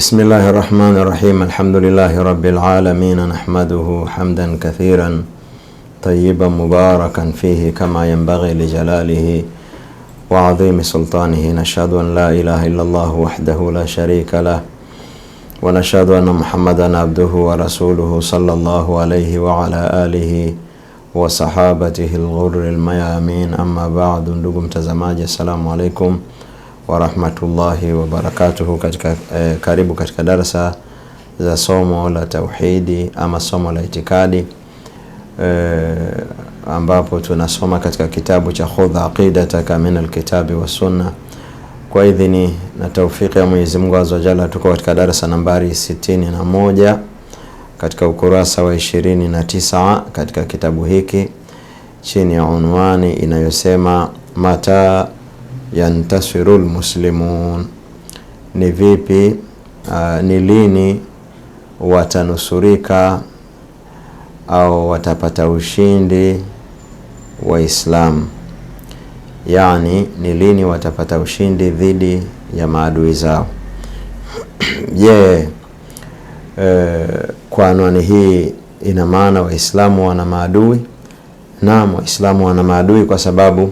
بسم الله الرحمن الرحيم الحمد لله رب العالمين نحمده حمدا كثيرا طيبا مباركا فيه كما ينبغي لجلاله وعظيم سلطانه نشهد ان لا اله الا الله وحده لا شريك له ونشهد ان محمدا عبده ورسوله صلى الله عليه وعلى اله وصحابته الغر الميامين اما بعد نقوم تزماج السلام عليكم wa rahmatullahi wa barakatuhu. Katika, eh, karibu katika darasa za somo la tauhidi ama somo la itikadi eh, ambapo tunasoma katika kitabu cha khudh aqidataka min alkitabi wassunna kwa idhini na taufiki ya Mwenyezi Mungu azza wajalla, tuko katika darasa nambari 61 katika ukurasa wa 29 katika kitabu hiki chini ya unwani inayosema mata yantasiru lmuslimun, ni vipi uh, ni lini watanusurika au watapata ushindi Waislamu, yani ni lini watapata ushindi dhidi ya maadui zao. Je, yeah. E, kwa anwani hii ina maana Waislamu wana maadui? Naam, Waislamu wana maadui kwa sababu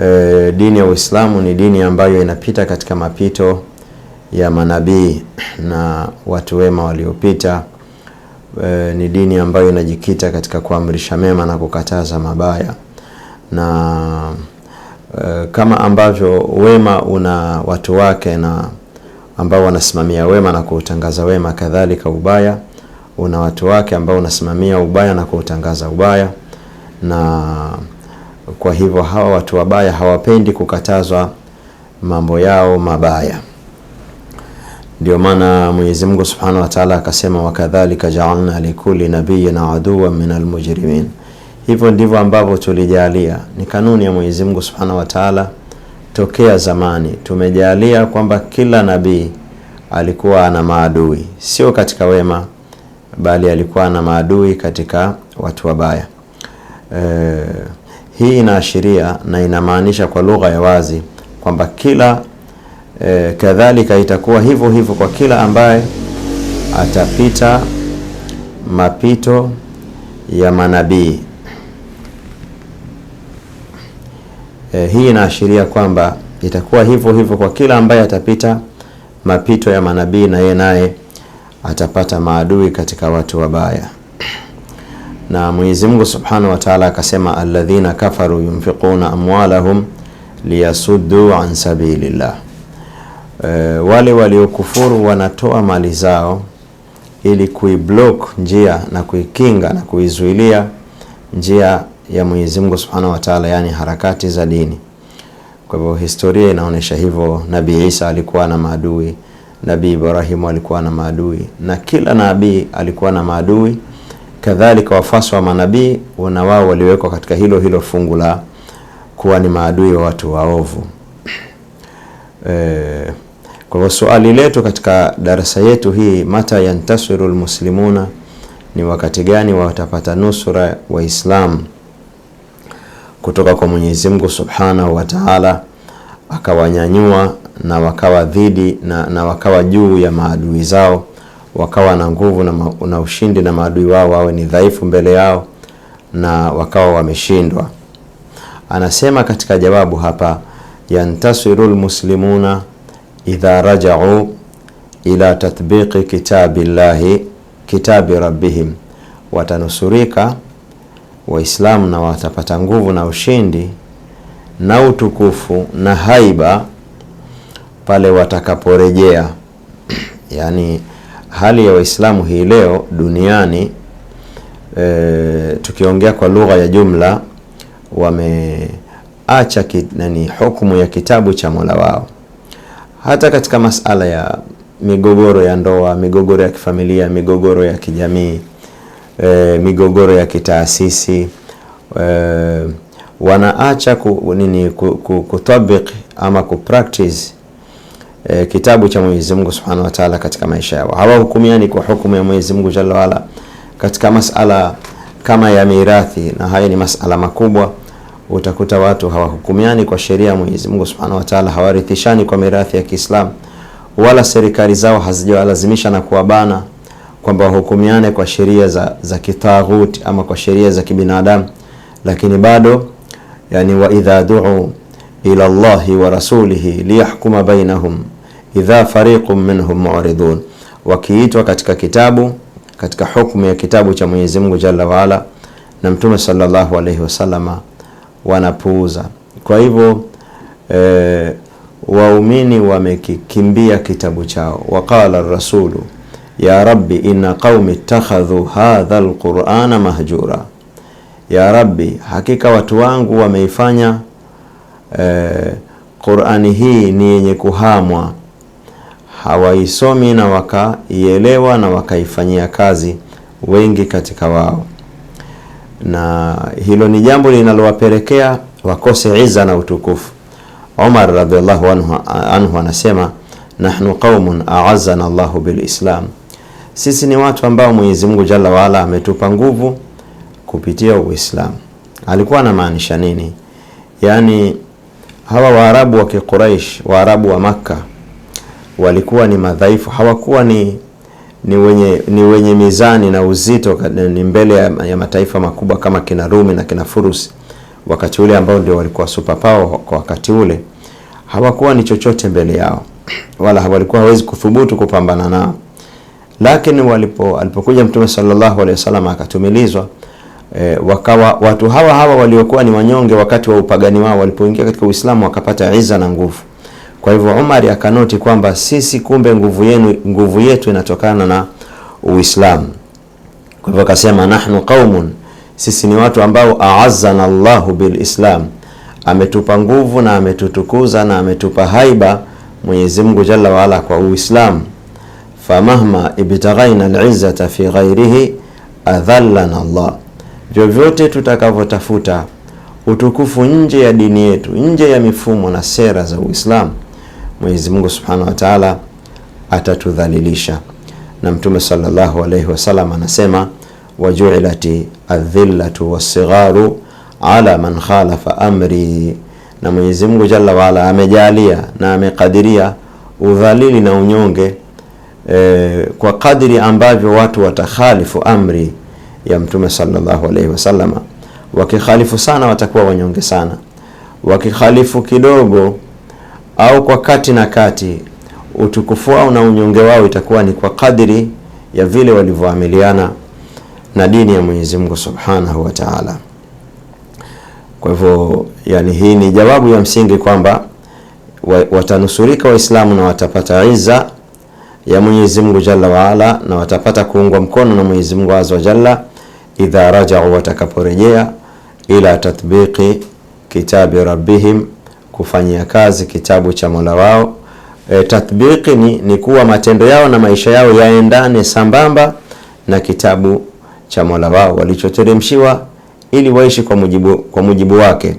e, dini ya Uislamu ni dini ambayo inapita katika mapito ya manabii na watu wema waliopita. E, ni dini ambayo inajikita katika kuamrisha mema na kukataza mabaya na e, kama ambavyo wema una watu wake na ambao wanasimamia wema na kuutangaza wema, kadhalika ubaya una watu wake ambao unasimamia ubaya na kuutangaza ubaya na kwa hivyo hawa watu wabaya hawapendi kukatazwa mambo yao mabaya. Ndio maana Mwenyezi Mungu Subhanahu wa Ta'ala akasema, wakadhalika ja'alna likulli nabiyyin aduwwan min almujrimin. hivyo ndivyo ambavyo tulijalia. Ni kanuni ya Mwenyezi Mungu Subhanahu wa Ta'ala tokea zamani, tumejalia kwamba kila nabii alikuwa ana maadui, sio katika wema, bali alikuwa ana maadui katika watu wabaya e hii inaashiria na inamaanisha kwa lugha ya wazi kwamba kila e, kadhalika itakuwa hivyo hivyo kwa kila ambaye atapita mapito ya manabii. E, hii inaashiria kwamba itakuwa hivyo hivyo kwa kila ambaye atapita mapito ya manabii na yeye naye atapata maadui katika watu wabaya na Mwenyezi Mungu Subhanahu wa Ta'ala akasema, alladhina kafaru yunfiquna amwalahum liyasuddu an sabilillah, e, wale waliokufuru wanatoa mali zao ili kuiblock njia na kuikinga na kuizuilia njia ya Mwenyezi Mungu Subhanahu wa Ta'ala, yani harakati za dini. Kwa hivyo historia inaonyesha hivyo. Nabii Isa alikuwa na maadui, Nabii Ibrahimu alikuwa na maadui, na kila nabii alikuwa na maadui kadhalika wafuasi wa manabii na wao waliwekwa katika hilo hilo fungu la kuwa ni maadui wa watu waovu. E, kwa hivyo swali letu katika darasa yetu hii, mata yantasiru lmuslimuna, ni wakati gani watapata nusura Waislamu kutoka kwa Mwenyezi Mungu subhanahu wa taala, akawanyanyua na wakawa dhidi na, na wakawa juu ya maadui zao wakawa na nguvu na, na ushindi na maadui wao wawe ni dhaifu mbele yao na wakawa wameshindwa. Anasema katika jawabu hapa, yantasiru lmuslimuna idha rajau ila tatbiqi kitabi llahi kitabi rabbihim, watanusurika Waislamu na watapata nguvu na ushindi na utukufu na haiba pale watakaporejea yani hali ya Waislamu hii leo duniani e, tukiongea kwa lugha ya jumla wameacha nani hukumu ya kitabu cha Mola wao, hata katika masala ya migogoro ya ndoa, migogoro ya kifamilia, migogoro ya kijamii e, migogoro ya kitaasisi e, wanaacha ku, nini kutabiki ama kupractice e, kitabu cha Mwenyezi Mungu Subhanahu wa Ta'ala katika maisha yao. Hawahukumiani kwa hukumu ya Mwenyezi Mungu Jalla waala katika masala kama ya mirathi, na hayo ni masala makubwa. Utakuta watu hawahukumiani kwa sheria ya Mwenyezi Mungu Subhanahu wa Ta'ala, hawarithishani kwa mirathi ya Kiislamu, wala serikali zao hazijawalazimisha na kuwabana kwamba wahukumiane kwa sheria za, za kitaghut ama kwa sheria za kibinadamu, lakini bado yani wa idha duu ila llahi wa rasulihi liyahkuma bainahum idha fariqun minhum mu'ridun, wakiitwa katika kitabu katika hukumu ya kitabu cha Mwenyezi Mungu jalla waala na Mtume sallallahu alaihi wasallama wanapuuza. Kwa hivyo e, waumini wamekikimbia kitabu chao. Waqala rasulu ya rabbi inna qaumi ittakhadhu hadha alqur'ana mahjura, ya rabbi, hakika watu wangu wameifanya eh, Qur'ani hii ni yenye kuhamwa, hawaisomi na wakaielewa na wakaifanyia kazi wengi katika wao, na hilo ni jambo linalowapelekea wakose iza na utukufu. Omar radhiallahu anhu, anhu anasema nahnu qaumun a'azzana Allahu bilislam, sisi ni watu ambao Mwenyezi Mungu Jalla waala ametupa nguvu kupitia Uislamu. Alikuwa anamaanisha nini? Yani hawa Waarabu wa Kiquraish, Waarabu wa Makka walikuwa ni madhaifu, hawakuwa ni ni wenye, ni wenye mizani na uzito ni mbele ya, ya mataifa makubwa kama kina Rumi na kina Furus wakati ule ambao ndio walikuwa power kwa wakati ule, hawakuwa ni chochote mbele yao, wala walikuwa hawezi kuthubutu kupambana nao, lakini walipo alipokuja Mtume sallallahu alaihi wasallam akatumilizwa E, wakawa watu hawa hawa waliokuwa ni wanyonge wakati wa upagani wao, walipoingia katika Uislamu wakapata iza na nguvu. Kwa hivyo Umar akanoti kwamba sisi kumbe nguvu yenu, nguvu yetu inatokana na Uislamu. Kwa hivyo akasema nahnu qaumun, sisi ni watu ambao aazana Allahu bilislam, ametupa nguvu na ametutukuza na ametupa haiba Mwenyezi Mungu jalla waala kwa Uislamu. Famahma ibtaghaina alizzata fi ghairihi adhallana Allah Vyovyote tutakavyotafuta utukufu nje ya dini yetu, nje ya mifumo na sera za Uislamu, Mwenyezi Mungu Subhanahu wa Ta'ala atatudhalilisha. Na Mtume sallallahu alayhi wasallam anasema, wajuilati adhillatu wasigharu ala man khalafa amri, na Mwenyezi Mungu Jalla waala amejalia na amekadiria udhalili na unyonge e, kwa kadiri ambavyo watu watakhalifu amri ya Mtume sallallahu alaihi wasallam. Wakikhalifu sana watakuwa wanyonge sana, wakikhalifu kidogo au kwa kati na kati, utukufu wao na unyonge wao itakuwa ni kwa kadri ya vile walivyoamiliana na dini ya Mwenyezi Mungu Subhanahu wa Ta'ala. Kwa hivyo, yani hii ni jawabu ya msingi kwamba watanusurika Waislamu na watapata izza ya Mwenyezi Mungu Jalla waala, na watapata kuungwa mkono na Mwenyezi Mungu Azza wa Jalla idha rajau, watakaporejea ila tatbiqi kitabi rabbihim, kufanyia kazi kitabu cha Mola wao. E, tatbiqi ni, ni kuwa matendo yao na maisha yao yaendane sambamba na kitabu cha Mola wao walichoteremshiwa, ili waishi kwa mujibu, kwa mujibu wake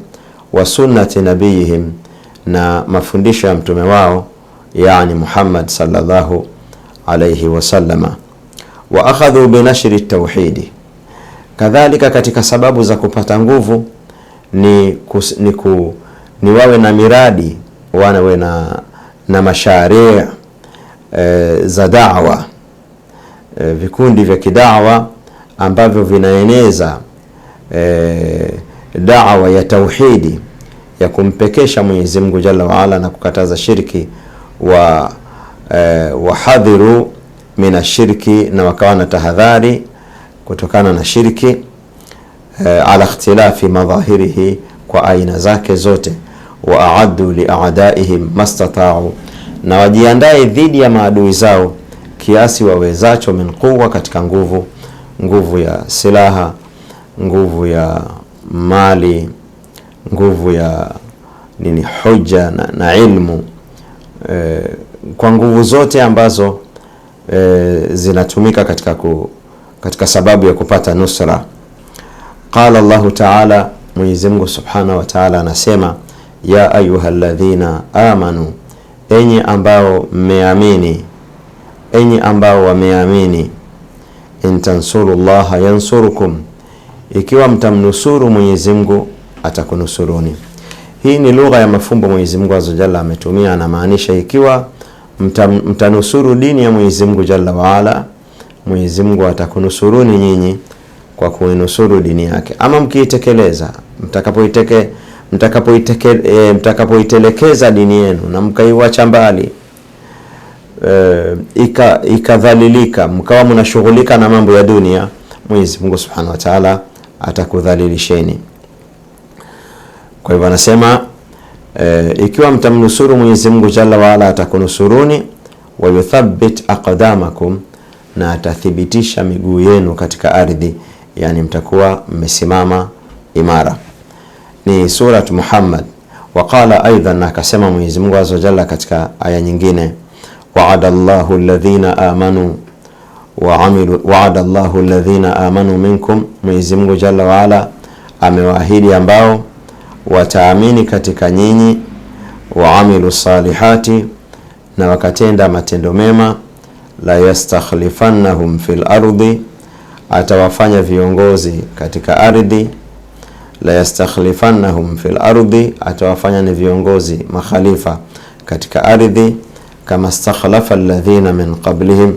wa sunnati nabiyihim, na mafundisho ya mtume wao yani Muhammad sallallahu alaihi wasallama wa akhadhu binashri tauhidi. Kadhalika, katika sababu za kupata nguvu ni, kus, ni, ku, ni wawe na miradi wawe na, na masharia e, za dawa e, vikundi vya kidawa ambavyo vinaeneza e, dawa ya tauhidi ya kumpekesha Mwenyezi Mungu Jalla waala na kukataza shirki wa eh, wahadhiru mina shirki, na wakawa na tahadhari kutokana na shirki eh, ala ikhtilafi madhahirihi, kwa aina zake zote. Wa aaddu li aadaihim mastatau, na wajiandae dhidi ya maadui zao kiasi wawezacho, min quwa, katika nguvu, nguvu ya silaha, nguvu ya mali, nguvu ya nini, hujja na, na ilmu eh, kwa nguvu zote ambazo e, zinatumika katika, ku, katika sababu ya kupata nusra. Qala llahu taala, Mwenyezi Mungu subhanahu wa taala anasema ya ayuha ladhina amanu, enyi ambao mmeamini, enyi ambao wameamini. Intansuru llaha yansurukum, ikiwa mtamnusuru Mwenyezi Mungu atakunusuruni. Hii ni lugha ya mafumbo Mwenyezi Mungu azza ametumia, anamaanisha ikiwa mta, mtanusuru dini ya Mwenyezi Mungu Jalla waala, Mwenyezi Mungu atakunusuruni nyinyi kwa kuinusuru dini yake. Ama mkiitekeleza mtakapoiteke mtakapoiteke e, mtakapoitelekeza dini yenu na mkaiwacha mbali e, ikadhalilika, mkawa mnashughulika na mambo ya dunia, Mwenyezi Mungu Subhanahu wa Ta'ala atakudhalilisheni. Kwa hivyo anasema Eh, ikiwa mtamnusuru Mwenyezi Mungu Jalla waala atakunusuruni, wa yuthabbit aqdamakum, na atathibitisha miguu yenu katika ardhi, yani mtakuwa mmesimama imara. Ni Surat Muhammad. Waqala aidan, na akasema Mwenyezi Mungu azza jalla katika aya nyingine, waada llahu alladhina amanu wa amilu waada llahu alladhina amanu minkum, Mwenyezi Mungu Jalla waala amewaahidi ambao wataamini katika nyinyi, waamilu salihati, na wakatenda matendo mema. La yastakhlifannahum fil ardi, atawafanya viongozi katika ardhi. La yastakhlifannahum fil ardi, atawafanya ni viongozi makhalifa katika ardhi. Kama stakhlafa alladhina min qablihim,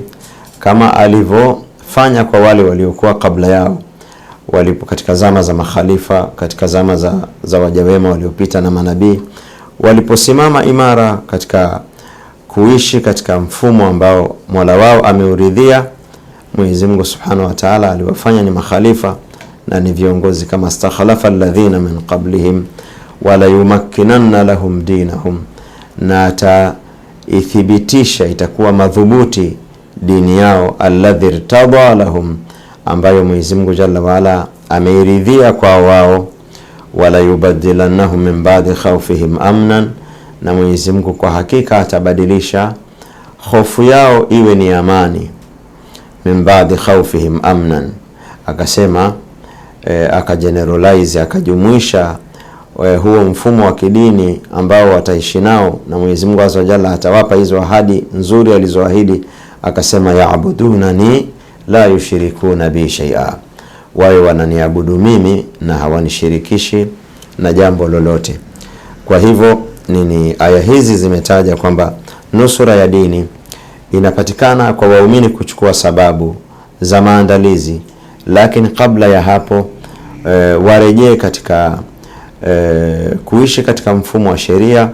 kama alivyofanya kwa wale waliokuwa kabla yao walipo katika zama za makhalifa, katika zama za, za wajawema waliopita na manabii, waliposimama imara katika kuishi katika mfumo ambao Mola wao ameuridhia, Mwenyezi Mungu Subhanahu wa Ta'ala aliwafanya ni makhalifa na ni viongozi kama stakhalafa alladhina min qablihim wala yumakkinanna lahum dinahum, na ataithibitisha itakuwa madhubuti dini yao alladhi irtada lahum ambayo Mwenyezi Mungu Jalla waala ameiridhia kwa wao, wala yubadilannahum min ba'di khawfihim amnan, na Mwenyezi Mungu kwa hakika atabadilisha hofu yao iwe ni amani. Min ba'di khawfihim amnan, akasema e, akageneralize akajumuisha e, huo mfumo wa kidini ambao wataishi nao, na Mwenyezi Mungu azza jalla atawapa hizo ahadi nzuri alizoahidi, akasema yaabudunani la yushirikuna bi shaia, wawe wananiabudu mimi na hawanishirikishi na jambo lolote. Kwa hivyo nini, aya hizi zimetaja kwamba nusura ya dini inapatikana kwa waumini kuchukua sababu za maandalizi, lakini kabla ya hapo e, warejee katika e, kuishi katika mfumo wa sheria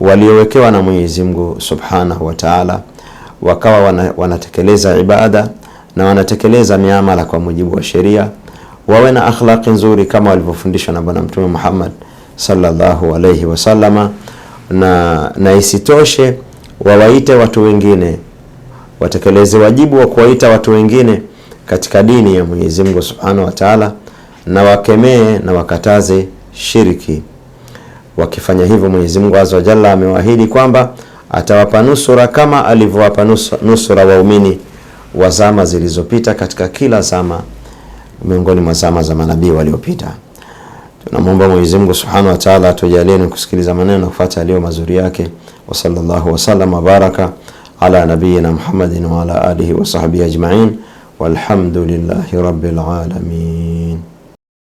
waliowekewa na Mwenyezi Mungu Subhanahu wa Ta'ala, wakawa wana, wanatekeleza ibada na wanatekeleza miamala kwa mujibu wa sheria, wawe na akhlaqi nzuri kama walivyofundishwa na Bwana Mtume Muhammad sallallahu alayhi wasallama, na, na isitoshe wawaite watu wengine, watekeleze wajibu wa kuwaita watu wengine katika dini ya Mwenyezi Mungu Subhanahu wa Ta'ala, na wakemee na wakataze shiriki. Wakifanya hivyo, Mwenyezi Mungu Azza wa Jalla amewaahidi kwamba atawapa nusura kama alivyowapa nusura waumini wa zama zilizopita katika kila zama miongoni mwa zama za manabii waliopita. Tunamwomba Mwenyezi Mungu Subhanahu wa Ta'ala atujalie kusikiliza maneno na kufuata yaliyo mazuri yake. Wa sallallahu wa sallam wa baraka ala nabiyina Muhammadin wa ala alihi wa sahbihi ajma'in walhamdulillahi rabbil alamin.